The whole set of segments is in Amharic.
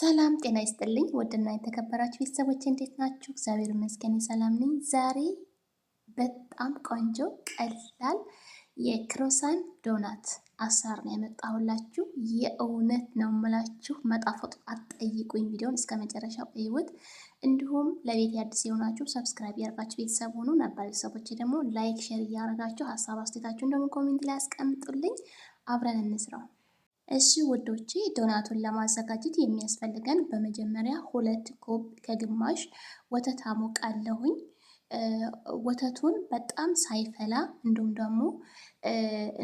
ሰላም ጤና ይስጥልኝ። ውድና የተከበራችሁ ቤተሰቦች እንዴት ናችሁ? እግዚአብሔር ይመስገን ሰላም ነኝ። ዛሬ በጣም ቆንጆ ቀላል የክሮሳን ዶናት አሰራር ነው ያመጣሁላችሁ። የእውነት ነው የምላችሁ መጣፈጡ አትጠይቁኝ። ቪዲዮን እስከ መጨረሻው እዩት። እንዲሁም ለቤት አዲስ የሆናችሁ ሰብስክራይብ ያደርጋችሁ ቤተሰብ ሆኑ። ነባር ቤተሰቦች ደግሞ ላይክ፣ ሼር እያደረጋችሁ ሀሳብ አስተያየታችሁን ደግሞ ኮሜንት ላይ ያስቀምጡልኝ። አብረን እንስራው። እሺ ውዶቼ ዶናቱን ለማዘጋጀት የሚያስፈልገን በመጀመሪያ ሁለት ኮብ ከግማሽ ወተት አሞቃለሁኝ። ወተቱን በጣም ሳይፈላ እንዲሁም ደግሞ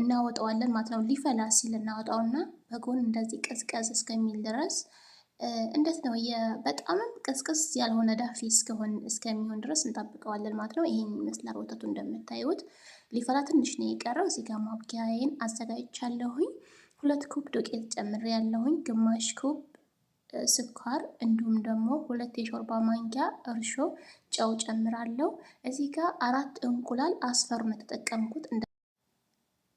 እናወጣዋለን ማለት ነው። ሊፈላ ሲል እናወጣውና በጎን እንደዚህ ቅዝቀዝ እስከሚል ድረስ እንዴት ነው በጣምም ቅዝቅዝ ያልሆነ ዳፊ እስከሆን እስከሚሆን ድረስ እንጠብቀዋለን ማለት ነው። ይሄን ይመስላል ወተቱ እንደምታዩት ሊፈላ ትንሽ ነው የቀረው። እዚህ ጋር ማብኪያዬን አዘጋጅቻለሁኝ። ሁለት ኩብ ዱቄት ጨምሬ ያለሁኝ፣ ግማሽ ኩብ ስኳር እንዲሁም ደግሞ ሁለት የሾርባ ማንኪያ እርሾ፣ ጨው ጨምራለሁ። እዚህ ጋር አራት እንቁላል አስፈር ነው የተጠቀምኩት።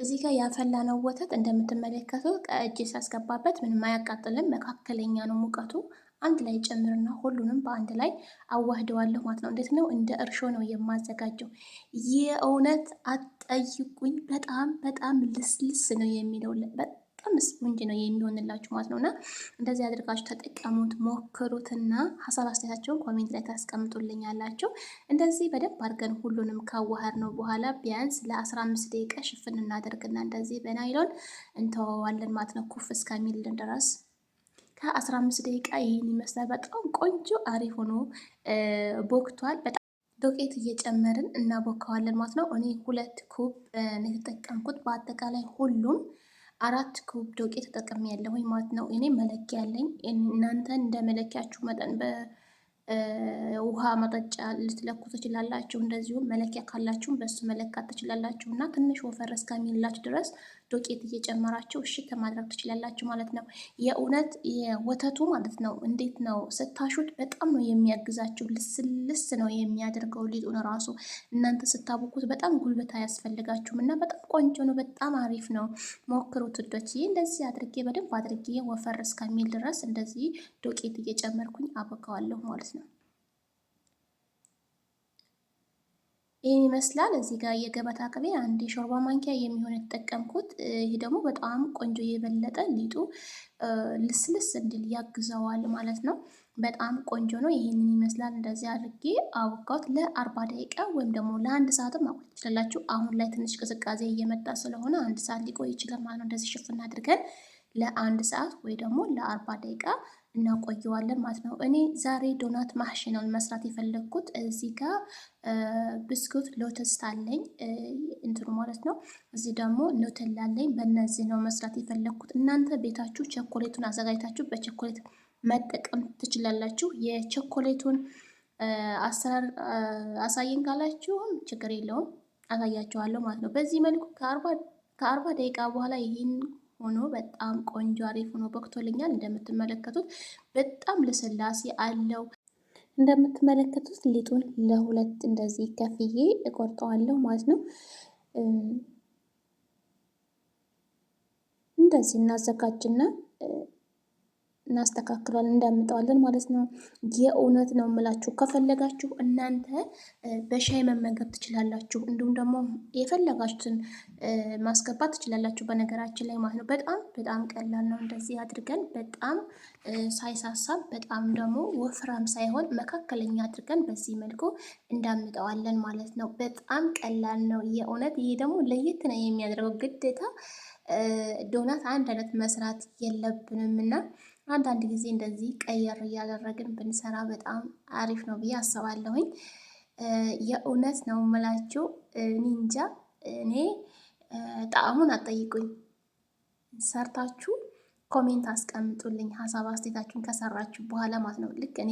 እዚህ ጋር ያፈላነው ወተት እንደምትመለከተው ከእጅ ሲያስገባበት ምንም አያቃጥልም፣ መካከለኛ ነው ሙቀቱ። አንድ ላይ ጨምርና ሁሉንም በአንድ ላይ አዋህደዋለሁ ማለት ነው። እንዴት ነው? እንደ እርሾ ነው የማዘጋጀው። የእውነት አትጠይቁኝ። በጣም በጣም ልስልስ ነው የሚለው በጣም ስፖንጅ ነው የሚሆንላችሁ ማለት ነው እና እንደዚህ አድርጋችሁ ተጠቀሙት፣ ሞክሩትና ሀሳብ አስተያየታቸውን ኮሜንት ላይ ታስቀምጡልኛላችሁ። እንደዚህ በደንብ አድርገን ሁሉንም ካዋሃር ነው በኋላ ቢያንስ ለ15 ደቂቃ ሽፍን እናደርግና እንደዚህ በናይሎን እንተወዋለን ማለት ነው ኩፍ እስከሚልን ድረስ ከ15 ደቂቃ ይህን ይመስላል። በጣም ቆንጆ አሪፍ ሆኖ ቦክቷል። በጣም ዶቄት እየጨመርን እናቦካዋለን ማለት ነው። እኔ ሁለት ኩብ ነው የተጠቀምኩት። በአጠቃላይ ሁሉም አራት ኩብ ዶቄ ተጠቅሜ ያለሁኝ ማለት ነው። እኔ መለኪያ አለኝ። እናንተ እንደ መለኪያችሁ መጠን ውሃ መጠጫ ልትለኩ ትችላላችሁ። እንደዚሁም መለኪያ ካላችሁም በሱ መለካት ትችላላችሁ እና ትንሽ ወፈር እስከሚላችሁ ድረስ ዶቄት እየጨመራችሁ እሽት ማድረግ ትችላላችሁ ማለት ነው። የእውነት የወተቱ ማለት ነው እንዴት ነው ስታሹት በጣም ነው የሚያግዛችሁ። ልስልስ ነው የሚያደርገው ሊጡን ራሱ እናንተ ስታቦኩት በጣም ጉልበት አያስፈልጋችሁም እና በጣም ቆንጆ ነው። በጣም አሪፍ ነው። ሞክሩት ውዶች። ይህ እንደዚህ አድርጌ በደንብ አድርጌ ወፈር እስከሚል ድረስ እንደዚህ ዶቄት እየጨመርኩኝ አቦካዋለሁ ማለት ነው። ይህን ይመስላል። እዚህ ጋር የገበታ ቅቤ አንድ የሾርባ ማንኪያ የሚሆን የተጠቀምኩት። ይህ ደግሞ በጣም ቆንጆ የበለጠ ሊጡ ልስልስ እንድል ያግዘዋል ማለት ነው። በጣም ቆንጆ ነው። ይህንን ይመስላል። እንደዚህ አድርጌ አቦካሁት ለአርባ ደቂቃ ወይም ደግሞ ለአንድ ሰዓትም ማቆየት ትችላላችሁ። አሁን ላይ ትንሽ ቅዝቃዜ እየመጣ ስለሆነ አንድ ሰዓት ሊቆይ ይችላል ማለት ነው። እንደዚህ ሽፍና አድርገን ለአንድ ሰዓት ወይ ደግሞ ለአርባ ደቂቃ እናቆየዋለን ማለት ነው። እኔ ዛሬ ዶናት ማሽ ነው መስራት የፈለግኩት። እዚህ ጋር ብስኩት ሎተስ አለኝ እንትኑ ማለት ነው። እዚህ ደግሞ ኖተል አለኝ። ነው መስራት የፈለግኩት። እናንተ ቤታችሁ ቸኮሌቱን አዘጋጅታችሁ በቸኮሌት መጠቀም ትችላላችሁ። የቸኮሌቱን አሰራር አሳየን ካላችሁም ችግር የለውም አሳያችኋለሁ ማለት ነው። በዚህ መልኩ ከአርባ ደቂቃ በኋላ ይህን ሆኖ በጣም ቆንጆ አሪፍ ሆኖ በቅቶልኛል። እንደምትመለከቱት በጣም ልስላሴ አለው። እንደምትመለከቱት ሊጡን ለሁለት እንደዚህ ከፍዬ እቆርጠዋለሁ ማለት ነው። እንደዚህ እናዘጋጅና እናስተካክሏል እንዳምጠዋለን ማለት ነው። የእውነት ነው የምላችሁ። ከፈለጋችሁ እናንተ በሻይ መመገብ ትችላላችሁ። እንዲሁም ደግሞ የፈለጋችሁትን ማስገባት ትችላላችሁ። በነገራችን ላይ ማለት ነው በጣም በጣም ቀላል ነው። እንደዚህ አድርገን በጣም ሳይሳሳብ በጣም ደግሞ ወፍራም ሳይሆን መካከለኛ አድርገን በዚህ መልኩ እንዳምጠዋለን ማለት ነው። በጣም ቀላል ነው የእውነት። ይሄ ደግሞ ለየት ነው የሚያደርገው ግዴታ ዶናት አንድ አይነት መስራት የለብንም እና አንዳንድ ጊዜ እንደዚህ ቀየር እያደረግን ብንሰራ በጣም አሪፍ ነው ብዬ አስባለሁኝ። የእውነት ነው የምላችሁ። ኒንጃ እኔ ጣዕሙን አጠይቁኝ፣ ሰርታችሁ ኮሜንት አስቀምጡልኝ፣ ሀሳብ አስተያየታችሁን ከሰራችሁ በኋላ ማለት ነው። ልክ እኔ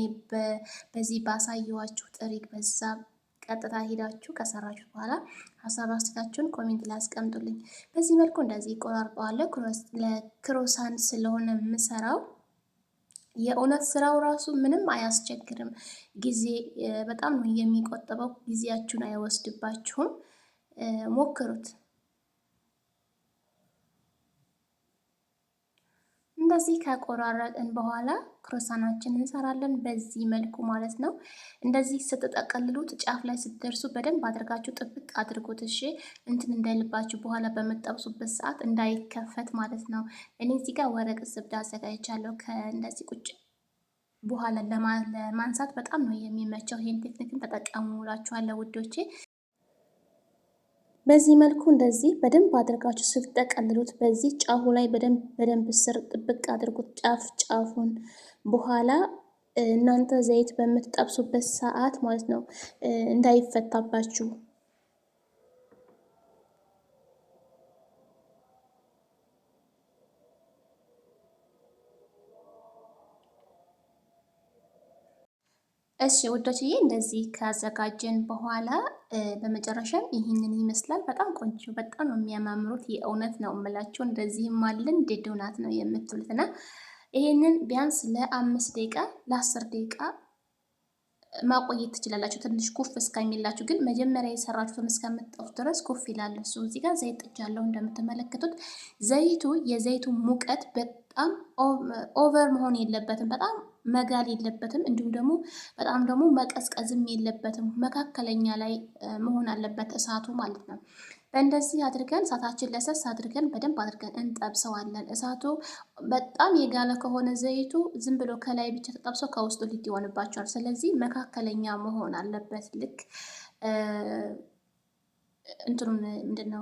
በዚህ ባሳየዋችሁ ጥሪት በዛ ቀጥታ ሄዳችሁ ከሰራችሁ በኋላ ሀሳብ አስተያየታችሁን ኮሜንት ላይ አስቀምጡልኝ። በዚህ መልኩ እንደዚህ ቆራርጠዋለሁ። ለክሮሳን ስለሆነ የምሰራው የእውነት ስራው ራሱ ምንም አያስቸግርም። ጊዜ በጣም ነው የሚቆጥበው ጊዜያችሁን አይወስድባችሁም። ሞክሩት እንደዚህ ከቆራረጥን በኋላ ክሮሳናችን እንሰራለን። በዚህ መልኩ ማለት ነው። እንደዚህ ስትጠቀልሉት ጫፍ ላይ ስትደርሱ በደንብ አድርጋችሁ ጥብቅ አድርጎት እሺ። እንትን እንዳይልባችሁ በኋላ በምጠብሱበት ሰዓት እንዳይከፈት ማለት ነው። እኔ እዚህ ጋር ወረቅ ዝብዳ አዘጋጅቻለሁ። ከእንደዚህ ቁጭ በኋላ ለማንሳት በጣም ነው የሚመቸው። ይህን ቴክኒክን ተጠቀሙ ውዶቼ። በዚህ መልኩ እንደዚህ በደንብ አድርጋችሁ ስትጠቀልሉት በዚህ ጫፉ ላይ በደንብ ስር ጥብቅ አድርጉት፣ ጫፍ ጫፉን በኋላ እናንተ ዘይት በምትጠብሱበት ሰዓት ማለት ነው እንዳይፈታባችሁ እሺ ውዶችዬ እንደዚህ ካዘጋጀን በኋላ በመጨረሻም ይህንን ይመስላል። በጣም ቆንጆ፣ በጣም ነው የሚያማምሩት የእውነት ነው እምላችሁ። እንደዚህም አለን ዶናት ነው የምትሉት እና ይህንን ቢያንስ ለአምስት ደቂቃ ለአስር ደቂቃ ማቆየት ትችላላችሁ። ትንሽ ኩፍ እስከሚላችሁ ግን መጀመሪያ የሰራችሁትን እስከምትጠፉ ድረስ ኩፍ ይላል። እሱ እዚህ ጋር ዘይት ጥጃለሁ እንደምትመለከቱት። ዘይቱ የዘይቱ ሙቀት በጣም ኦቨር መሆን የለበትም በጣም መጋል የለበትም። እንዲሁም ደግሞ በጣም ደግሞ መቀዝቀዝም የለበትም። መካከለኛ ላይ መሆን አለበት እሳቱ ማለት ነው። በእንደዚህ አድርገን እሳታችን ለሰስ አድርገን በደንብ አድርገን እንጠብሰዋለን። እሳቱ በጣም የጋለ ከሆነ ዘይቱ ዝም ብሎ ከላይ ብቻ ተጠብሶ ከውስጡ ሊጥ ይሆንባቸዋል። ስለዚህ መካከለኛ መሆን አለበት። ልክ እንትኑን ምንድን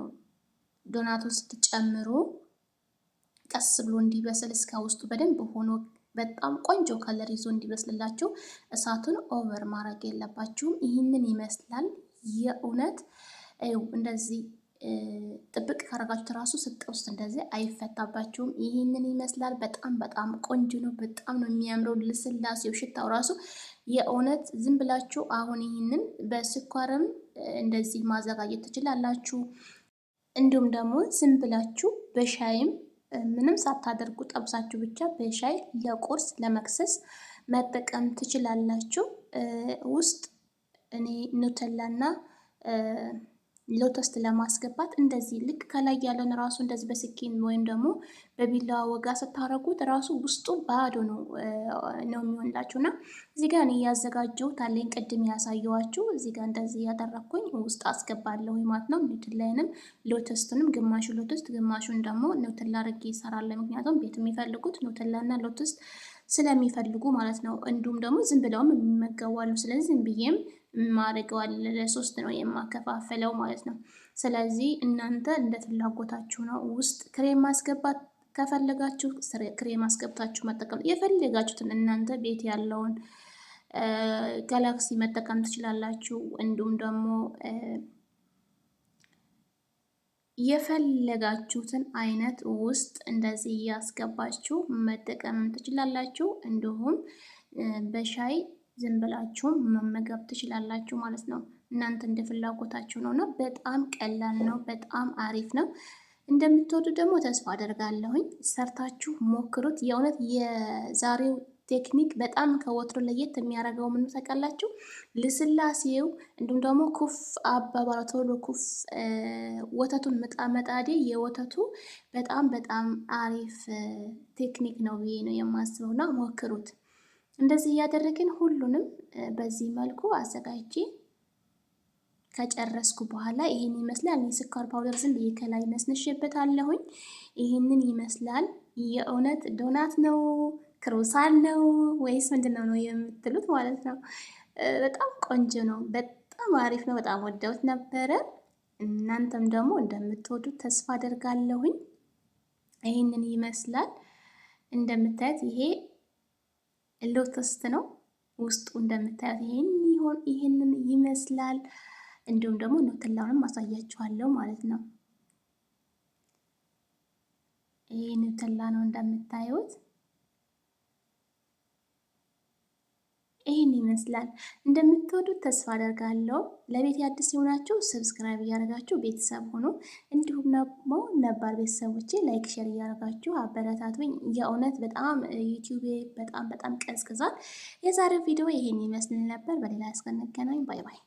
ዶናቱን ስትጨምሩ ቀስ ብሎ እንዲበስል እስከ ውስጡ በደንብ ሆኖ በጣም ቆንጆ ከለር ይዞ እንዲመስልላችሁ እሳቱን ኦቨር ማድረግ የለባችሁም። ይህንን ይመስላል የእውነት እንደዚህ ጥብቅ ካረጋችሁት እራሱ ውስጥ እንደዚህ አይፈታባችሁም። ይህንን ይመስላል። በጣም በጣም ቆንጆ ነው። በጣም ነው የሚያምረው። ልስላሴው፣ ሽታው ራሱ የእውነት ዝም ብላችሁ አሁን ይህንን በስኳርም እንደዚህ ማዘጋጀት ትችላላችሁ። እንዲሁም ደግሞ ዝም ብላችሁ በሻይም ምንም ሳታደርጉ ጠብሳችሁ ብቻ በሻይ ለቁርስ ለመክሰስ መጠቀም ትችላላችሁ። ውስጥ እኔ እና ሎተስት ለማስገባት እንደዚህ ልክ ከላይ ያለን ራሱ እንደዚህ በስኪን ወይም ደግሞ በቢላዋ ወጋ ስታረጉት ራሱ ውስጡ ባዶ ነው ነው የሚሆንላችሁ እና እዚህ ጋር እኔ ያዘጋጀሁት አለኝ ቅድም ያሳየዋችሁ እዚህ ጋር እንደዚህ እያደረግኩኝ ውስጥ አስገባለሁ ማለት ነው። ኒውትን ላይንም ሎተስትንም ግማሹ ሎተስት ግማሹን ደግሞ ኒውትን ላርጌ ይሰራለ። ምክንያቱም ቤት የሚፈልጉት ኒውትን ላና ሎተስት ስለሚፈልጉ ማለት ነው። እንዲሁም ደግሞ ዝም ብለውም የሚመገቡ አሉ። ስለዚህ ዝም ብዬም ማድረገዋል ለሶስት ነው የማከፋፈለው ማለት ነው። ስለዚህ እናንተ እንደ ፍላጎታችሁ ነው። ውስጥ ክሬም ማስገባት ከፈለጋችሁ ክሬም አስገብታችሁ መጠቀም የፈለጋችሁትን እናንተ ቤት ያለውን ጋላክሲ መጠቀም ትችላላችሁ። እንዲሁም ደግሞ የፈለጋችሁትን አይነት ውስጥ እንደዚህ እያስገባችሁ መጠቀምም ትችላላችሁ። እንዲሁም በሻይ ዝም ብላችሁ መመገብ ትችላላችሁ ማለት ነው። እናንተ እንደ ፍላጎታችሁ ነው እና በጣም ቀላል ነው፣ በጣም አሪፍ ነው። እንደምትወዱ ደግሞ ተስፋ አደርጋለሁኝ። ሰርታችሁ ሞክሩት። የእውነት የዛሬው ቴክኒክ በጣም ከወትሮ ለየት የሚያደርገው ምን ታውቃላችሁ? ልስላሴው እንዲሁም ደግሞ ኩፍ አባባላ ቶሎ ኩፍ ወተቱን መጣ መጣዴ የወተቱ በጣም በጣም አሪፍ ቴክኒክ ነው ብዬ ነው የማስበውና ሞክሩት። እንደዚህ እያደረግን ሁሉንም በዚህ መልኩ አዘጋጅቼ ከጨረስኩ በኋላ ይህን ይመስላል። ስኳር ፓውደር ዝም ብዬ ከላይ ነስንሽበት አለሁኝ። ይህንን ይመስላል። የእውነት ዶናት ነው ክሮሳን ነው ወይስ ምንድነው ነው የምትሉት ማለት ነው። በጣም ቆንጆ ነው። በጣም አሪፍ ነው። በጣም ወደውት ነበረ። እናንተም ደግሞ እንደምትወዱት ተስፋ አደርጋለሁኝ። ይህንን ይመስላል እንደምታየት ይሄ ሎተስት ነው። ውስጡ እንደምታዩት ይህን ይሆን ይህንን ይመስላል። እንዲሁም ደግሞ ኑትላውንም ማሳያችኋለሁ ማለት ነው። ይህ ኑትላ ነው እንደምታዩት ይህን ይመስላል። እንደምትወዱት ተስፋ አደርጋለሁ። ለቤት አዲስ የሆናችሁ ሰብስክራይብ እያደረጋችሁ ቤተሰብ ሆኑ። እንዲሁም ደግሞ ነባር ቤተሰቦቼ ላይክ፣ ሼር እያደረጋችሁ አበረታቱኝ። የእውነት በጣም ዩቲዩብ በጣም በጣም ቀዝቅዟል። የዛሬው ቪዲዮ ይህን ይመስል ነበር። በሌላ እስከንገናኝ ባይ ባይ።